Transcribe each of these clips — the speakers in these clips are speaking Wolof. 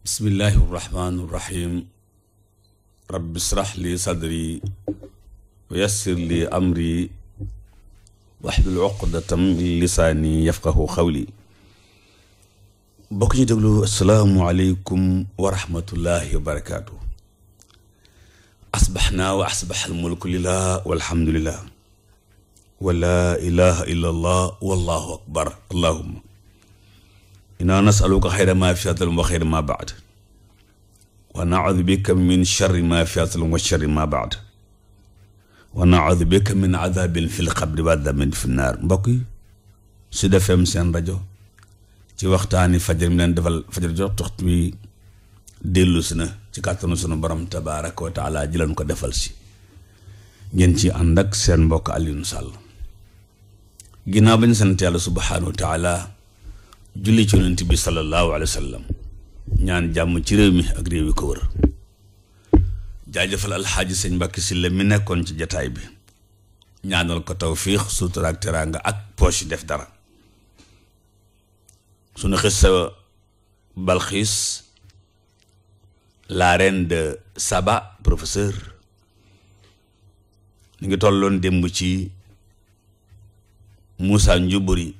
bismillahi irrahmani irrahim rabbi israh li sadri wa yassir li amri waxlul uqdatam min lisaani yafqahu xawli bokk ñu déglu asalaamualeykum wa rahmatullahi wa barakaatu asbaxnaa wa asbaxal mulku lillah walhamdulillah wa laa ilaha illa allah wallahu akbar allahumma innaa nasaluka xayra maa fi atalum wa xayra maa baad wa naudu bika min charri maa fi atalum wa charri maa baad wa naudu bika min adabin fi lxabri wa adabin fi naar mbokk yi Sud seen rajo ci waxtaani fajar mi defal fajar jot waxtu wi dellu si na ci kàttanu sunu borom tabaaraka wa taala ji ko defal si ngeen ci ànd seen mbokk Alioune Sall ginnaaw ba ñu sant yàlla subhaanahu wa taala julli ci bi sallallahu alayhi wa sallam ñaan jàmm ci réew mi ak réew yi ko wër jaajëfal alxaaji sëñ Mbàkke Sylla mi nekkoon ci jataay bi ñaanal ko tawfiix sutura ak teraanga ak poche def dara sunu xis sa Balxiis la reine de Saba professeur ñu ngi tolloon démb ci Moussa Njuburi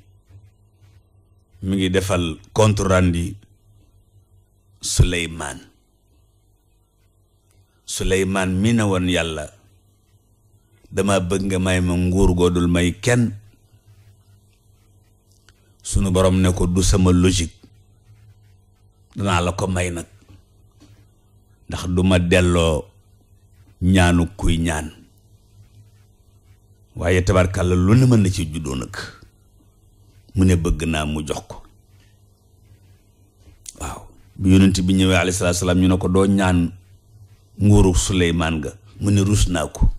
mi ngi defal compte rendu Suleymaan Suleymaan mi woon yàlla dama bëgg nga may ma nguur goodul may kenn sunu boroom ne ko du sama logique danaa la ko may nag ndax du ma delloo ñaanu kuy ñaan waaye tabarkàlla lu ne mën na ci nag mu ne bëgg naa mu jox ko waaw bu yonent bi ñëwee alayhi salaam ñu ne ko doo ñaan nguuru Suleymaan ga mu ne ruus naa ko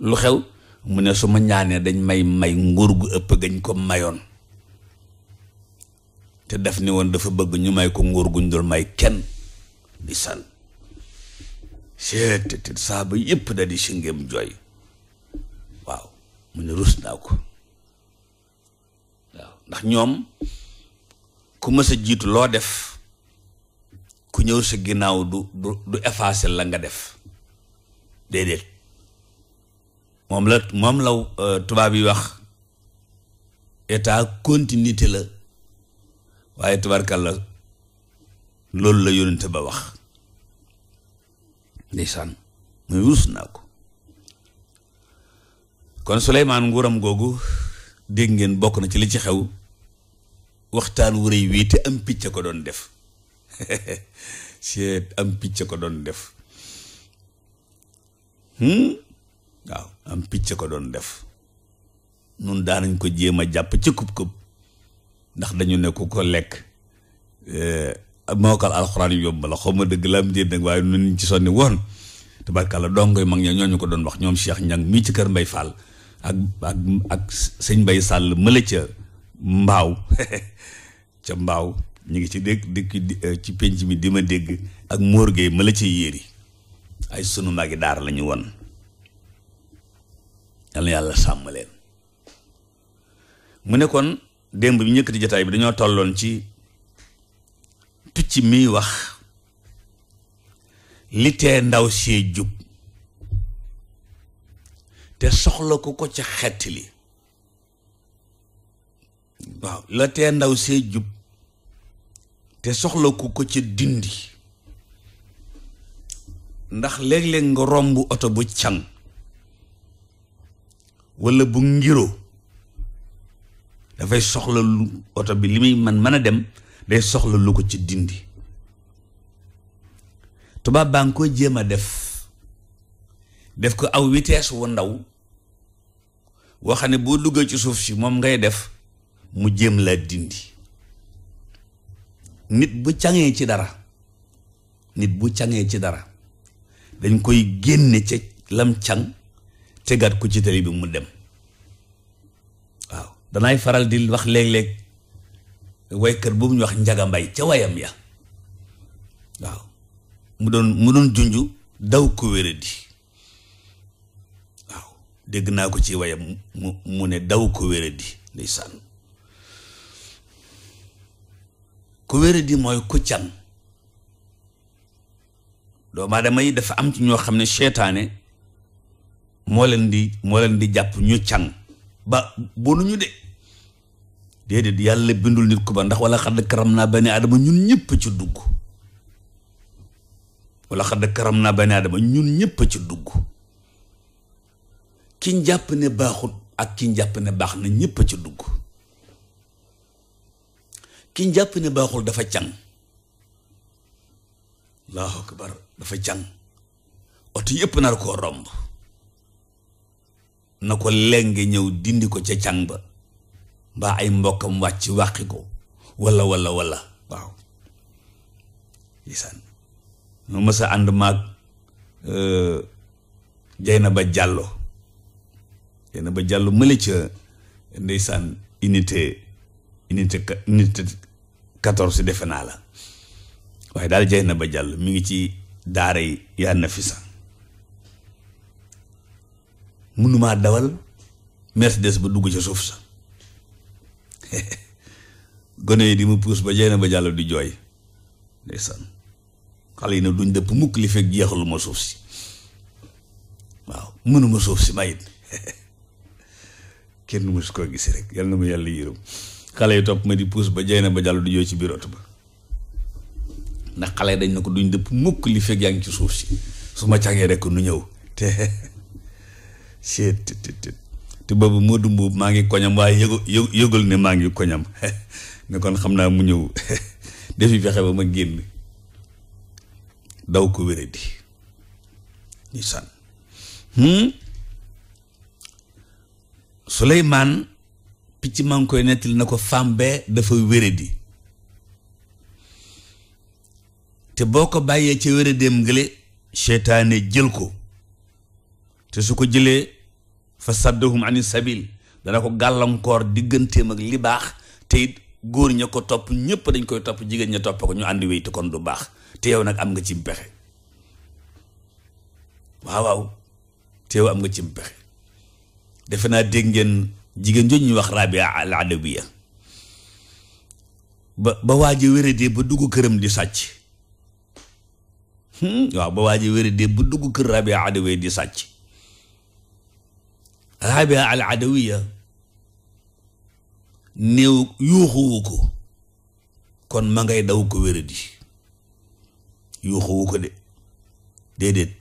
lu xew mu ne su ma ñaanee dañ may may nguur gu ëpp gañ ko mayoon te def ne woon dafa bëgg ñu may ko nguur guñ dul may kenn di saaba yëpp da di si ngéem jooy waaw mu ne rus naa ko ndax ñoom ku mësa jiitu loo def ku ñëw sa ginnaaw du du du effacer la nga def déedéet moom la moom la euh, tubaab yi wax état continuité la waaye tubaarkàlla loolu la yónente ba wax ndeysaan muy rus naa ko kon Suleymaan nguuram googu dégg ngeen bokk na ci li ci xew waxtaan wu rëy wii am picc ko doon def seet picc ko doon def hmm? waaw am picc ko doon def nun nañ ko jéem a jàpp ci kub-kub ndax dañu ne ku ko lekk eh, mookal alxuraan yomb la xaw a dëgg la am déet nag waaye nun ci sonni woon la tabarkàlla dongoy mag ña ñooñu ko doon wax ñoom Cheikh Ñang mii ci kër Mbay Fall ak ak ak sëñ Mbay Sàll mëla ca mbaaw ca mbaaw ñu ngi ci dégg dëkk eh, ci penc mi di ma dégg ak Mor Gueye mëla ca yéeri ay sunu magi daar la ñu won yal na yàlla sàmm leen mu nekkoon démb bi ñëkkati jataay bi dañoo tolloon ci tucc miy wax li tee ndaw see jub te soxla ku ko ca xettali waaw la tee ndaw see jub te soxla ku ko ca dindi ndax léeg-léeg nga romb oto bu can walla bu ngiro dafay soxla lu oto bi li muy man mën a dem day soxla lu ko ca dindi tubaab baa nga koy jéem def def ko aw vitesse wu ndaw woo xam ne boo duggee ci suuf si moom ngay def mu jéem laa dindi nit bu cangee ci dara nit bu cangee ci dara dañ koy génne ca lam cang tegaat ko ci tali bi mu dem waaw danaay faral di wax léeg-léeg waykat boobu ñu wax njaga ca wayam ya waaw mu doon mu doon junj daw ko wéradi dégg naa ko ci wayam mu mu ne daw ko wéradi ndeysaan ku wéradi mooy ko can doomu aadama yi dafa am ci ñoo xam ne seetaane moo leen di moo leen di jàpp ñu can ba bonuñu de déedéet yàlla bindul nit ku ba ndax wala xadd karam naa bani aadama ñun ñëpp ci dugg wala xadd karam naa bani aadama ñun ñëpp ci dugg ki njàpp ne baaxut ak ki njàpp ne baax na ñépp a ci dugg ki njàpp ne baaxul dafa can allahu akbar dafa can oto yépp nar koo romb na ko lenge ñëw dindi ko ca can ba mbaa ay mbokkam wàcc wàqi ko walla walla walla waaw lisaan ma mësa ànd maag euh, Dieynaba Diallo yenn ba jàll mële ca ndeysaan unité unité unité quatorze defe naa la waaye daal jeex na ba jàll mi ngi ci daara yi yaa nafisa mënumaa dawal Mercedes ba dugg ca suuf sa gone yi di mu puus ba jeex na ba jàll di jooy ndeysaan xale yi ne duñ dëpp mukk li fekk jeexalu ma suuf si waaw mënuma suuf si mayit kenn mësu koo gisi rek yal na mu yàlla yërëm xale yi topp ma di puus ba jey na ba jàll du jooy ci biir oto ba ndax xale dañ na ko duñ dëpp mukk li fekk yaa ngi ci suuf si su ma càngee rek nu ñëw te te te te boobu Modou Mbuub maa ngi koñam waaye yëgu yëgu yëgul ne maa ngi koñam ne kon xam naa mu ñëw defi fexe ba ma génn daw ko wéradi ñu san Suleymaan picc maa ngi koy nettali na ko femme bee dafa wéradi te boo ko bàyyee ca wéradeem ngële seytaane jël ko te su ko jëlee fa saddahum ani sabil dana ko gàllankoor digganteem ak li baax te yit góor ña ko topp ñëpp dañ koy topp jigéen ña topp ko ñu ànd wéy te kon du baax te yow nag am nga ci pexe waaw te yow am nga ci pexe defe naa dégg ngeen jigéen jooju ñuy wax Rabia al Adawiya ba ba waa ji wéradee ba dugg këram di sàcc hmm? waaw ba waa ji wéradee ba dugg kër Rabia al Adawiya di sàcc Rabia al Adawiya néew yuuxuwu ko kon ma ngay daw ko wéradi yuuxuwu ko de déedéet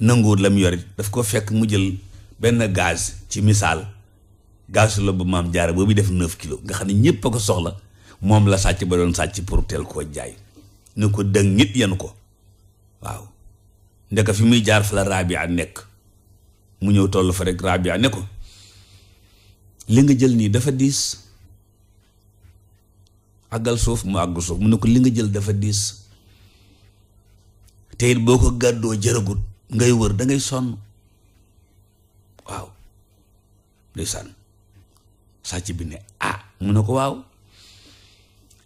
nanguwut la mu yorit daf ko fekk mu jël benn gaz ci misaal gaz la bu maam jaara boobu def neuf kilos nga xam ne ñëpp a ko soxla moom la sàcc ba doon sàcc pour teel koo jaay ne ko dëng nit yenu ko waaw ndeka fi muy jaar fa la Rabia nekk mu ñëw toll fa rek Rabia ne ko li nga jël nii dafa diis àggal suuf mu àggu suuf mu ne ko li nga jël dafa diis te boo ko gàddoo jërëgut ngay wër da sonn ndeysaan sàcc bi ne ah mu ne ko waaw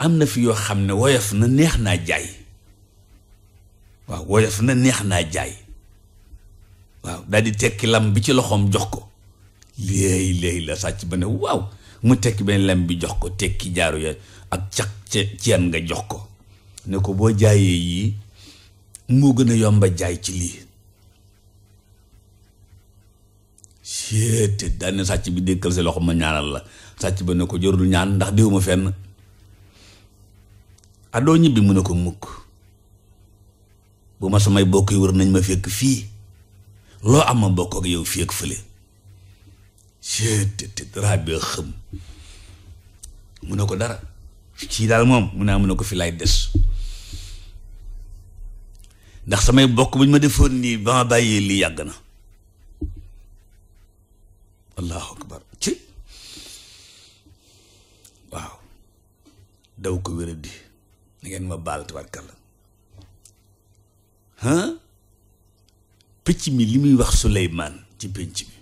am na fi yoo xam ne woyof na neex naa jaay waaw woyof na neex naa jaay waaw di tekki lam bi ci loxoom jox ko léegi léegi la sàcc ba ne waaw mu tekki benn lam bi jox ko tekki jaaro ya ak caq ceen nga jox ko ne ko boo jaayee yii moo gën a yomba jaay ci lii ceete sàcc bi dékkal ma ñaanal la sàcc ba ne ko jorul ñaan ndax diwuma fenn adoo ah, ñibbi mu ne ko mukk bu ma yi nañ ma fekk fii loo am ma yow fii ne ko dara ci daal moom mu ne ah, mu ne ko fi lay des ndax samay bokk bu ñu ma defoon nii ba ma bàyyee lii yàgg na allahu akbar ci waaw daw ko wéradi na ngeen ma baal tabarkalla ah picc mi li muy wax Suleymaan ci pénc mi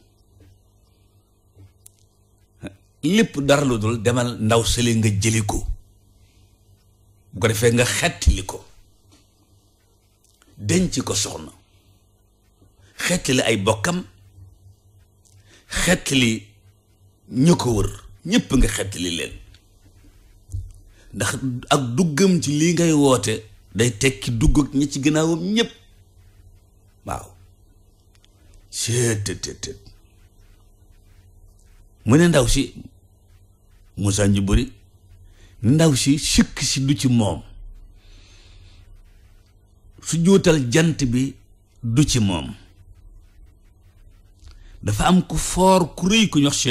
lépp dara lu dul demal ndaw sële nga jëli ko bu ko defee nga xettili ko denc ko soxna xettili ay bokkam xetli ñu ko wër ñépp nga xetli leen ndax ak duggam ci lii ngay woote day tekki dugg ak ñi ci gannaawam ñépp waaw seetetetet mu ne ndaw si Moussa ñu bëri ndaw si sikk si du ci moom su jootal jant bi du ci moom dafa am ku foor ku rëy ku ñu wax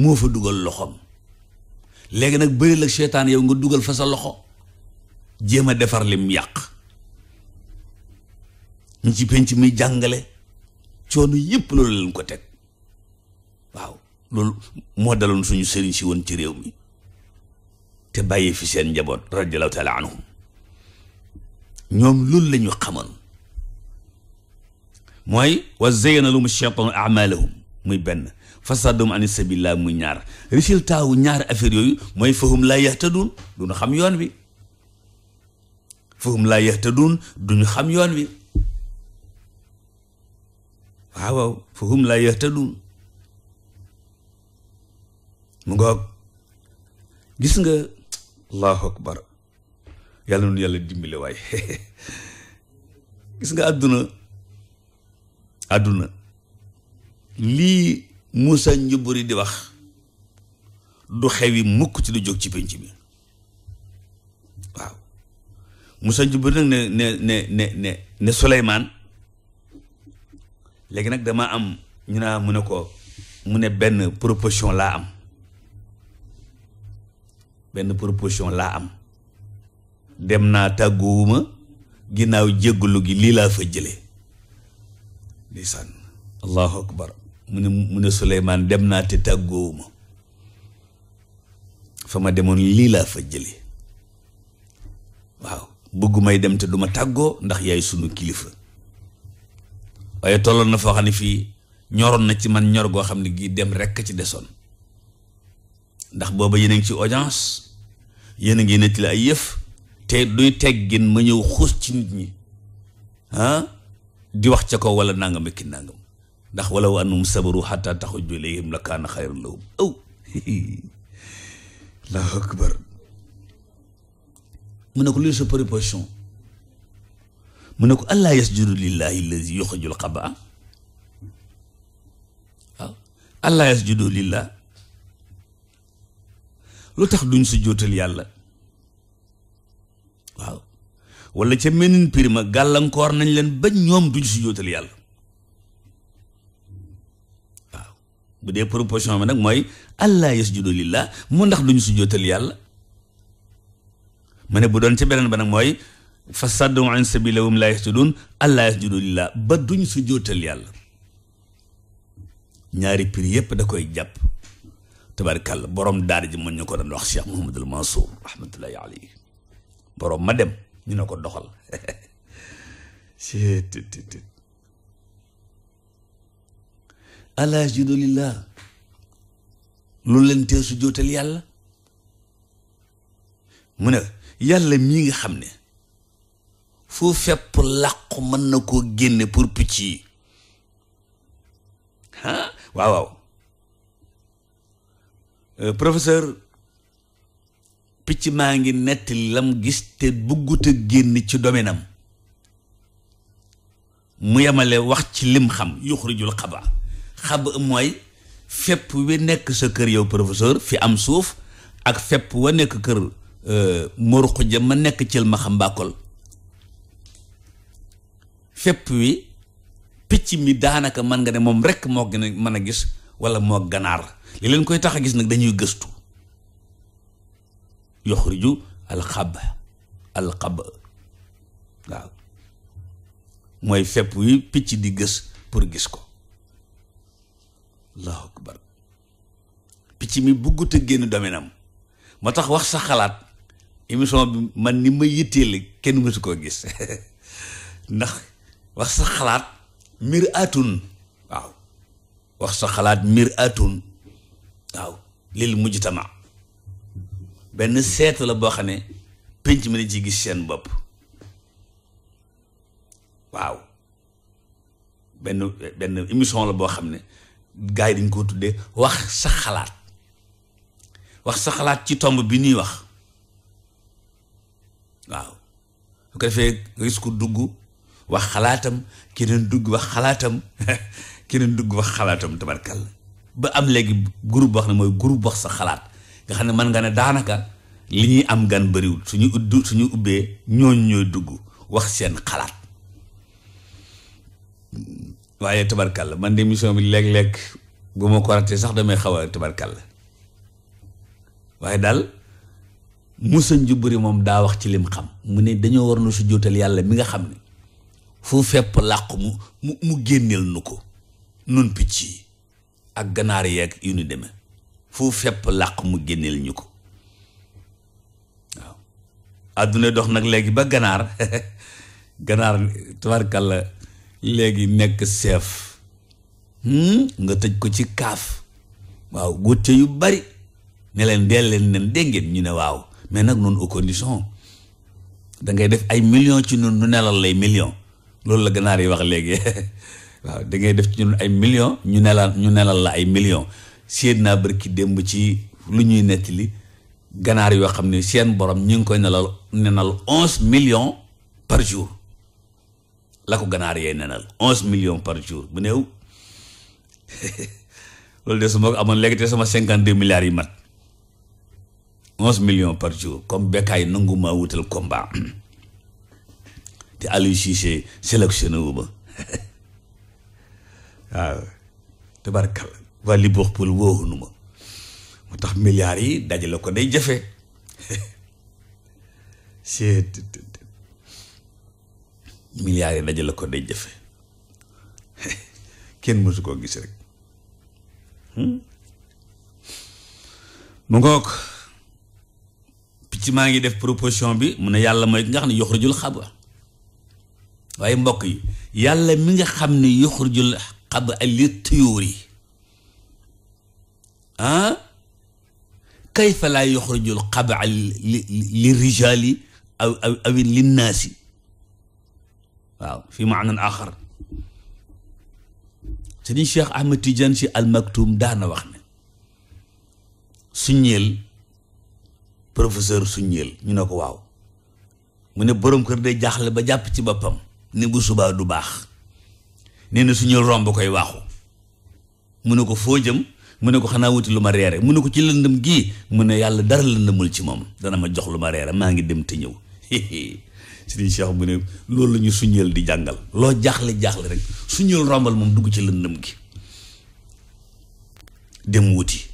moo fa dugal loxoom léegi nag bëri la seytaan yow nga dugal fa sa loxo jéem a defar lim yàq ñu ci penc mi jàngale coono yépp loolu lañ ko teg waaw loolu moo daloon suñu sëriñ si woon ci réew mi te bàyyi fi seen njaboot radiallahu taala anhum ñoom loolu la ñu mooy wa zayyana lahum a amalahum muy benn fasadum an sabilillah muy ñaar résultat wu ñaar affaire yooyu mooy fahum laa yahtadun duñu xam yoon wi fahum laa xam yoon wi waaw fahum laa yahtadun mu ngoog gis nga allahu akbar yàlla noonu yàlla dimbale waaye gis nga àdduna àdduna lii Moussa Njuburi di wax du xewi mukk ci du jóg ci pénc bi waaw Moussa Njuburi nag ne ne ne ne ne léegi nag dama am ñu mu ne ko mu ne benn proposition laa am benn proposition laa am dem naa tàggoowuma ginnaaw jéggalu gi lii laa fa jële ndeysaan allahu akbar mu ne mu ne Suleymaan dem naa te tàggoowuma fa ma demoon lii laa fa jële waaw bëggu dem te duma tàggoo ndax yaay sunu kilifa waaye tolloon na foo xam ne fii ñoroon na ci man ñor goo xam ne gii dem rekk ci desoon ndax booba yéen ci audience yéen a ngi nettali ay yëf te duy teggin ma ñëw xuus ci nit ñi di wax ca kaw wala nangam ak nangam ndax walaw annahum sabaru xataa taxruja ilayhim la kaana xayran lahum oh. allahu akbar mu ne ko lii sa préposition mu ne ko allaa yasjudu lillahi allazi yuxrijul xabaa waaw yasjudu lillah lu tax duñ su jóotal yàlla waaw wala ca meneen pir ma gàllankoor nañ leen ba ñoom duñ si jóotal yàlla bu dee proposition bi nag mooy allah yasjudu lillah mu ndax duñ si jóotal yàlla ma ne bu doon ca beneen ba nag mooy fa saddu an sabila wum laa yasjudu lillah ba duñ si jóotal yàlla ñaari pir yépp da koy jàpp tabarkàlla borom daara ji mën ñu ko doon wax Cheikh Mouhamadul Mansour rahmatullahi alayhi borom ma dem dina ko doxal allah judo lillah lu leen tee su jootal yàlla mu ne yàlla mii nga xam ne fu fepp làqu mën na koo génne pour picc yi waaw waaw euh, professeur picc maa ngi nettali lam gis te buggut a génn ci dominam mu yemale wax ci lim xam yuxrijul xaba xaba mooy fépp wi nekk sa kër yow professeur fi am suuf ak fépp wa nekk kër euh, Mor Xuja ma nekk cël ma xam bàkkol fépp wi picc mi daanaka mën nga ne moom rekk moo gën a mën a gis wala moo ganaar li leen koy tax a gis nag dañuy gëstu yoxriju alxab alxab waaw mooy fepp yi picc di gës pour gis ko allahu akbar picc mi buggut a génn dominam moo tax wax sa xalaat émission man ni ma yitteele kenn mësu koo gis ndax wax sa xalaat mir waaw wax sa xalaat mir atun waaw lil mujtama benn seet la boo xam ne pénc mi ne ci gis seen bopp waaw benn benn émission la boo xam ne gars yi dañ ko tuddee wax sa xalaat wax sa xalaat ci tomb bi ñuy wax waaw su ko defee risque dugg wax xalaatam keneen dugg wax xalaatam keneen dugg wax xalaatam tabarkalla ba am léegi groupe boo xam ne mooy groupe wax sa xalaat nga xam ne mën nga ne daanaka li ñuy am gan bariwul suñu uddu suñu ubbee ñooñ ñooy dugg wax seen xalaat waaye la man de émission bi lekk léeg bu ma ko ratee sax damay xaw a tabarkalla waaye daal musañ ju bëri moom daa wax ci lim xam mu ne dañoo war na su jóotal yàlla mi nga xam ne fu fepp làq mu mu mu génneel nu ko nun picc yi ak ganaar yeeg yu ñu deme foofu fepp làq mu génneel ñu ko waaw àdduna dox nag léegi ba ganaar ganaar tabarkàlla léegi nekk chef hmm? nga tëj ko ci kaaf waaw góote yu bari ne leen deel leen nen déngeen ñu ne waaw mais nag noonu au condition da def ay million ci ñun nu nelal lay million loolu la ganaar yi wax léegi waaw da def ci ñun ay million ñu nelal ñu nelal la ay million séen naa bërki démb ci lu ñuy nettali ganaar yoo xam ne seen borom ñu ngi koy nelal nenal onze millions par jour la ko ganaar yee nenal onze millions par jour bu néew loolu de su ma ko amoon léegi te sama cinquante deux milliards yi mat onze millions par jour comme bekkaay nangu wutal combat te Aliou Cissé sélectionné wu ma waaw waa Liverpool wóoxunu ma moo tax milliards yi dajale ko day jafe c'est yi dajale ko day jafe kenn mësu koo gis rek hmm? mu ngoog picc maa ngi def proposition bi mun na yàlla mooy ki nga xam ne yoxurjul xaba waaye mbokk yi yàlla mi nga xam ne yoxurjul xaba ak li tuyóor ah kayfa laa yuxrijul xabaa li li rijaali aw aw awin linnaasi waaw fi maanan axar sëriñ Cheikh Ahmed Tidiane si Al Maktoum daana wax ne suñeel professeur suñeel ñu ne ko waaw mu ne borom kër day jaaxle ba jàpp ci boppam ni bu subaa du baax nee na suñeel romb koy waaxu mu ne ko foo jëm mu ne ko xanaa wuti lu ma reere mu ne ko ci lëndëm gii mu ne yàlla dara lëndëmul ci moom dana ma jox lu ma reere maa ngi dem te ñëw sëriñ Cheikh mu ne loolu la ñu suñeel di jàngal loo jaaxle jaaxle rek suñeel rombal moom dugg ci lëndëm gi dem wuti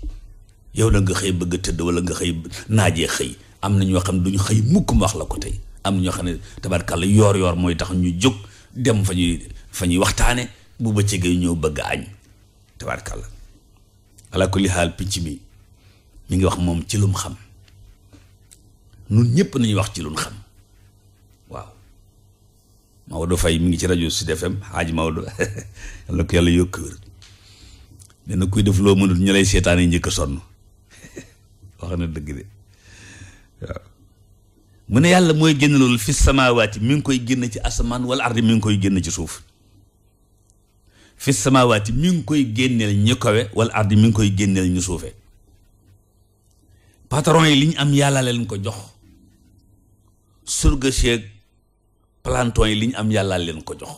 yow da nga xëy bëgg a tëdd wala nga xëy naajee xëy am na ñoo xam ne duñu xëy mukk mu wax la ko tey am na ñoo xam ne tabarkàlla yoor yoor mooy tax ñu jóg dem fa ñuy fa ñuy waxtaane bu bëccëgee ñëw bëgg añ tabarkàlla ala kulli xaal picc mi mu ngi wax moom ci lum xam nun ñëpp nañu wax ci lum xam waaw Maodo Faye mi ngi ci rajo Sud FM Hadj Maodo yàlla yàlla yokk wér dana kuy def loo mënut ñu lay seetaanee njëkk sonn wax na dëgg de waaw mu ne yàlla mooy génn loolu fi samaawaati mi ngi koy génn ci asamaan wala ardi mi ngi koy génn ci suuf. fi samawaati mi ngi koy génneel ñu kawe wala ardi mi ngi koy génneel ñu suufe patron yi liñ am yàlla leen ko jox surga planton yi li am yàlla leen ko jox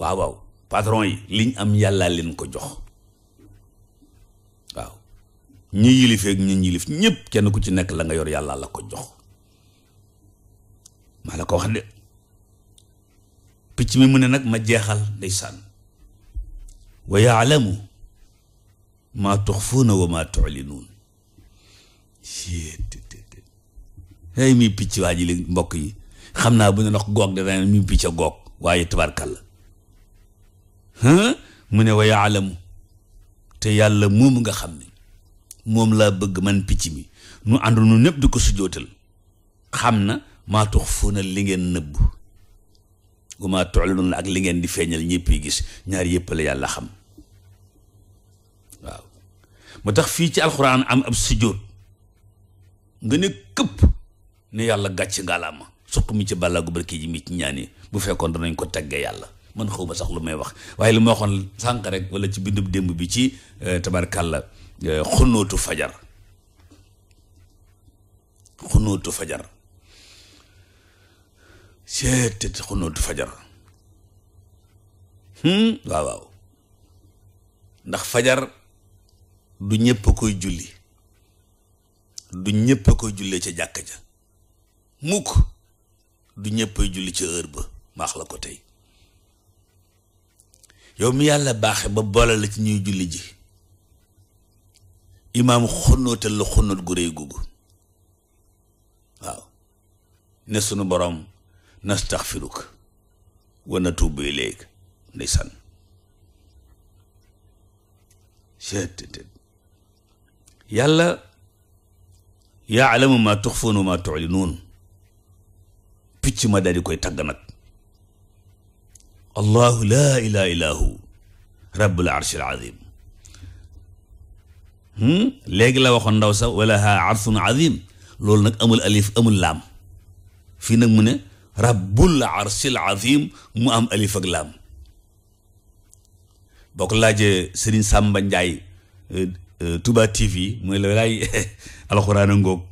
waaw waaw patron yi liñ am yàlla leen ko jox waaw ñi yilifeeg ñi yilif ñëpp kenn ku ci nekk la nga yor yàlla la ko jox maa la ko wax de picc mi mu ne nag ma jeexal ndeysaan wa yaalamu maa tuxfuuna wa maa tulinuun ay mi picc waa ji li mbokk yi xam naa bu ne ndox goog dana mi picc a goog waaye tabarkalla mu ne wa yaalamu te yàlla moomu nga xam ne moom laa bëgg man picc mi nu àndu nu ñëpp di ko sujootal xam na maa tux fuuna li ngeen nëbb wama tu'lun ak li ngeen di feeñal ñëpp yi gis ñaar yëpp la yàlla xam waaw moo tax fii ci alxuraan am ab sujjóot nga ne këpp ne yàlla gàcc ngaalaama suq mi ci bàllaagu barke ji mi ci ñaan bu fekkoon danañ ko taggee yàlla man xaw ma sax lu may wax waaye li ma waxoon sànq rek wala ci bindub démb bi ci euh, tabarkàlla euh, xunóotu fajar xunóotu fajar seet xunóotu fajar hmm? waaw waaw ndax fajar du ñëpp a koy julli du ñëpp koy jullee ca jàkka ja mukk du ñëpp julli ca heure ba maax la ko tey yow mi yàlla baaxe ba boole la ci ñuy julli ji imaam xonóotal la xonóot gu réy googu waaw ne sunu boroom nastaxfiruka wa natuubu ilayka ndeysaan yàlla yaalamu ma tuxfuuna wa ma tulinuun picc ma daal di koy tàgg nag allahu laa ilaha illa hu rabbul arshil azim hmm? léegi la waxoon ndaw sax wala ha arsun azim loolu nag amul alif amul laam fii nag mu ne rabbul arsil azim mu am alif ak laam boo ko laajee Serigne Samba Ndiaye euh, euh, Touba TV mooy la laay alxuraan a ngóog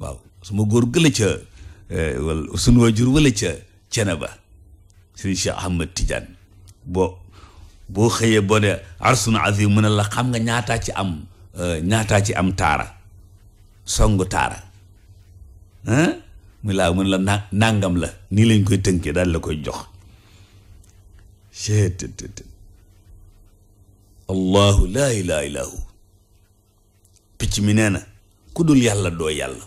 waaw suma góor gëla ca euh, wala wajur wala ca cene ba Serigne Cheikh Ahmad Tidiane boo boo xëyee boo ne arsun azim mu la xam nga ñaataa ci am ñaataa ci am taara song taara mu laa mun la na nàngam la nii lañ koy tënkee daal la koy jox ct allahu laa ilaha illa hu picc mi nee na ku dul yàlla doo yàlla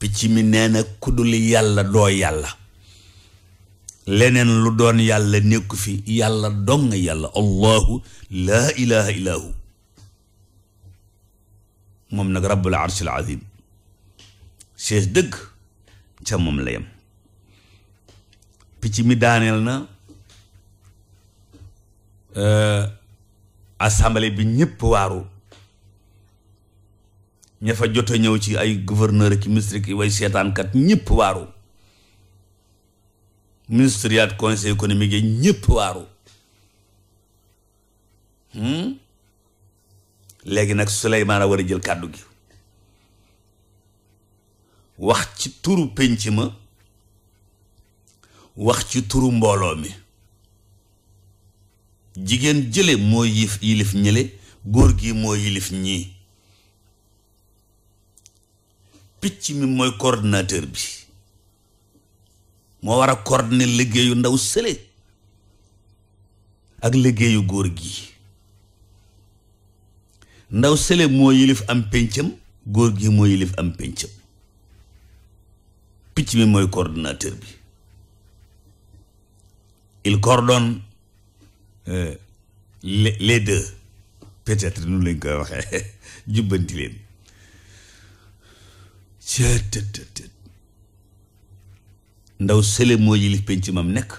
picc mi nee na yàlla doo yàlla leneen lu doon yàlla nekku fi yàlla dong yàlla allahu laa ilaha illa hu moom nag rabbul arshil azim sees dëgg ca moom la yem picc mi daaneel na euh, assemblée bi ñëpp waaru ña fa jot a ñëw ci ay gouverneur ki ministre ki way seetaankat ñëpp waaru ministériat conseil économique yi ñëpp waaru hmm? léegi nag Souleymane a war a jël kàddu gi wax ci turu pénc ma wax ci turu mbooloo mi jigéen jële moo yilif yilif ñële góor gi moo yilif ñii picc mi mooy coordinateur bi moo war a liggéeyu ndaw sële ak liggéeyu góor gi ndaw sële moo yilif am péncam góor gi moo yilif am péncam picc mi mooy coordonnateur bi il coordonne euh, les, les deux peut-être nu lañ koy waxee jubbanti leen cëtëtëtët ndaw sële moo yilif penc mam nekk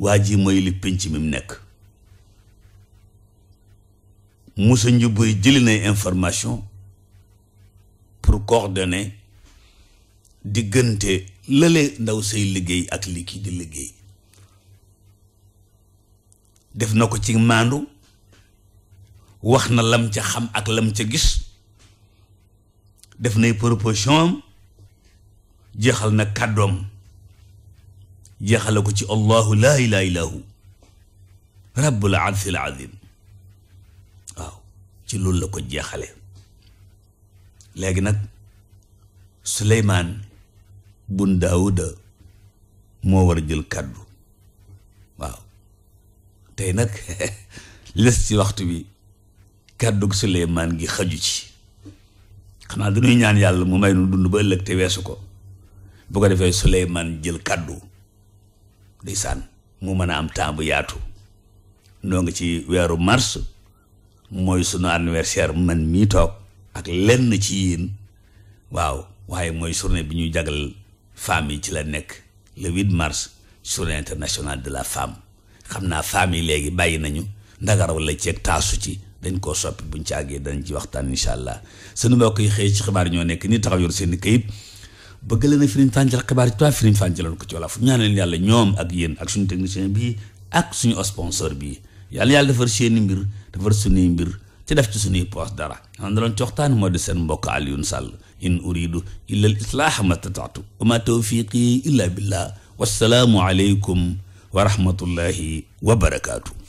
waa ji moo yilif penc mi mu nekk Moussa Ndiouboy jëli nay information pour coordonner diggante lële ndaw say liggéey ak li kii di liggéey def na ko ci maandu wax na lam ca xam ak lam ca gis def nay proposition am jeexal na kàddoom jeexale ko ci allahu laa ilaha illa hu rabbul arsil azim waaw ci loolu la ko jeexale léegi nag Suleymaan bun daawuda moo war a jël kàddu waaw tey nag les ci waxtu bi kàddug Suleymaan gi xaju ci xanaa dañuy ñaan yàlla mu may nu dund ba ëllëg te weesu ko bu ko defee Suleymaan jël kàddu ndeysaan mu mën a am temps bu yaatu noo ci weeru mars mooy sunu anniversaire man mii toog ak lenn ci yéen waaw waaye mooy journée bi ñuy jagal femme yi ci la nekk le 8 mars journée internationale de la femme xam naa femme yi léegi bàyyi nañu ndagaraw la ceeg taasu ci dañ koo soppi buñ ci àggee dañ ci waxtaan incha allah sunu mbokk yi xëy ci xibaar ñoo nekk ni taxaw yor seen i këyit bëgg leen a firiñ fàncal xibaar yi tubaab ko ci wolof fu leen yàlla ñoom ak yéen ak suñu technicien bii ak suñu sponsor bii yàlla yàlla defar seen i mbir defar suñuy mbir te def ci suñuy poos dara xanaa da doon coxtaan moo di seen mbokk Alioune Sall in uridu illa al islaaha ma tataatu wa ma tawfiqi illa billah wassalaamu aleykum wa rahmatullahi wa barakaatu